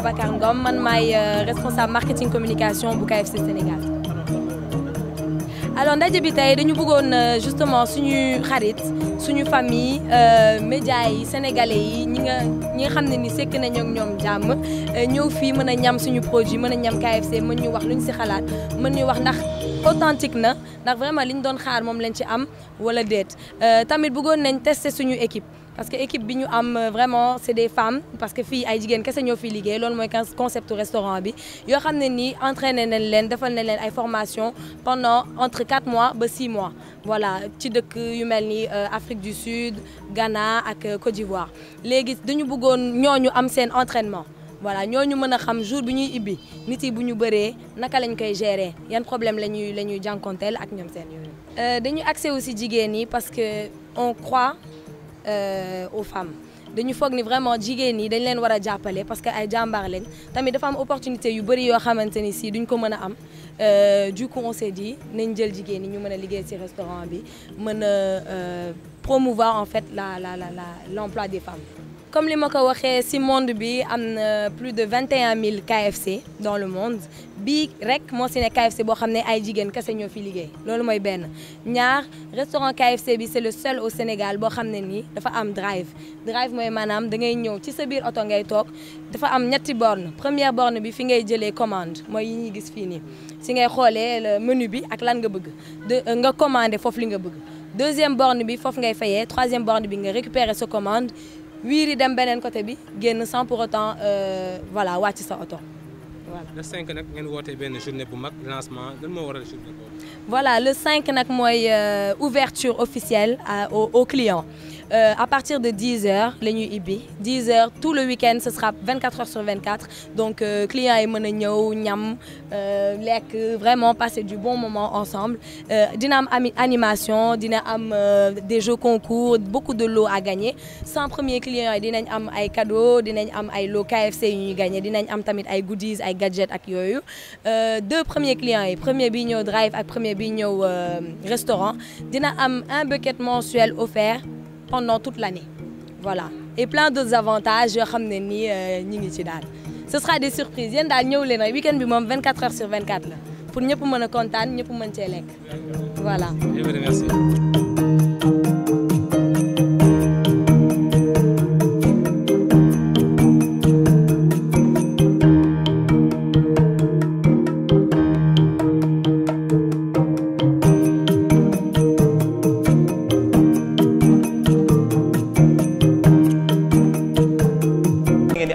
Babacar Ngom man maay euh, responsable marketing communication bu KFC Sénégal alors ndaje bi tey dañu bëggoon euh, justement suñu xarit suñu famille euh, média yi sénégalais yi ñi nga ñi nga xam ne ni sekk nañu ak ñoom jàmm ñëw fii mën a ñam suñu produit mën a ñam KFC mën ñu wax lu si xalaat mën ñu wax ndax authentique na ndax vraiment li ñu doon xaar moom lañu ci am wala déet tamit bëggoon nañ tester suñu équipe parce que équipe bi ñu am euh, vraiment c'est des femmes parce que fii ay jigéen kese ñoo fi liggéey loolu mooy concept restaurant bi yoo xam ne nii entraîné nañ leen defal nañ leen ay formation pendant entre 4 mois ba 6 mois voilà ci dëkk yu mel ni euh, Afrique du Sud Ghana ak euh, Côte d'Ivoire léegi dañu bëggoon ñooñu am seen entraînement voilà ñooñu mën a xam jour bi ñuy ibbi nit yi bu ñu bëree naka lañ koy gérer yan problème la ñuy la ñuy jànkonteel ak ñoom seen yooyu dañu accès aussi Euh, aux femmes dañu foog ni vraiment jigéen ñi dañ leen war a jàppale parce que ay jàmbaar lañ tamit dafa am opportunité yu bëri yoo xamante ni si duñ ko mën a am euh, du coup on s'est nañ jël jigéen ñi ñu mën a liggéey si restaurant bi mën a euh, promouvoir en fait la la la la l'emploi des femmes comme li ma ko waxee si monde bi am na plus de vingt et un mille KFC dans le monde bii rek moo si ne KFC boo xam ne ay jigéen kese ñoo fi liggéey loolu mooy benn ñaar restaurant KFC bi c'est le seul au Sénégal boo xam ne nii dafa am drive drive mooy maanaam da ngay ñëw ci sa biir oto ngay toog dafa am ñetti borne première borne bi fi ngay jëlee commande mooy yi ñuy gis fii nii ci ngay xoolee le menu bi ak lan nga bëgg de euh, nga commandé foofu li nga bëgg deuxième borne bi foofu ngay fayee troisième borne bi nga récupérer sa commande wiiri dem beneen côté bi génn sans pour autant euh, voilà wàcc sa oto voilà. le 5 nag ngeen woote benn journée bu mag lancement lan moo waral journée boobu. voilà le 5 nag mooy euh, ouverture officielle aux euh, aux clients. Euh, à partir de 10 heures la ñuy ibbi 10 heures tout le week-end ce sera 24 heures sur 24 donc euh, clients yi mën a ñëw ñam euh, lekk vraiment passer du bon moment ensemble euh, dina am ami animation dina am euh, des jeux concours beaucoup de lots à gagner 100 premiers clients yi dinañ am ay cadeaux dinañ am ay lots KFC yu ñuy gagner dinañ am tamit ay goodies ay gadgets ak yooyu deux premiers clients yi premier bi ñëw drive ak premier bi ñëw restaurant dina am un bucket mensuel offert pendant toute l'année voilà et plein d'autres avantages yoo xam ne nii euh, ñu ngi ci daal ce sera des surprises yéen daal ñëw leen rek week-end bi moom 24 heures sur 24 la pour ñëpp mën a kontaan ñëpp mën cee lekk voilà. Eh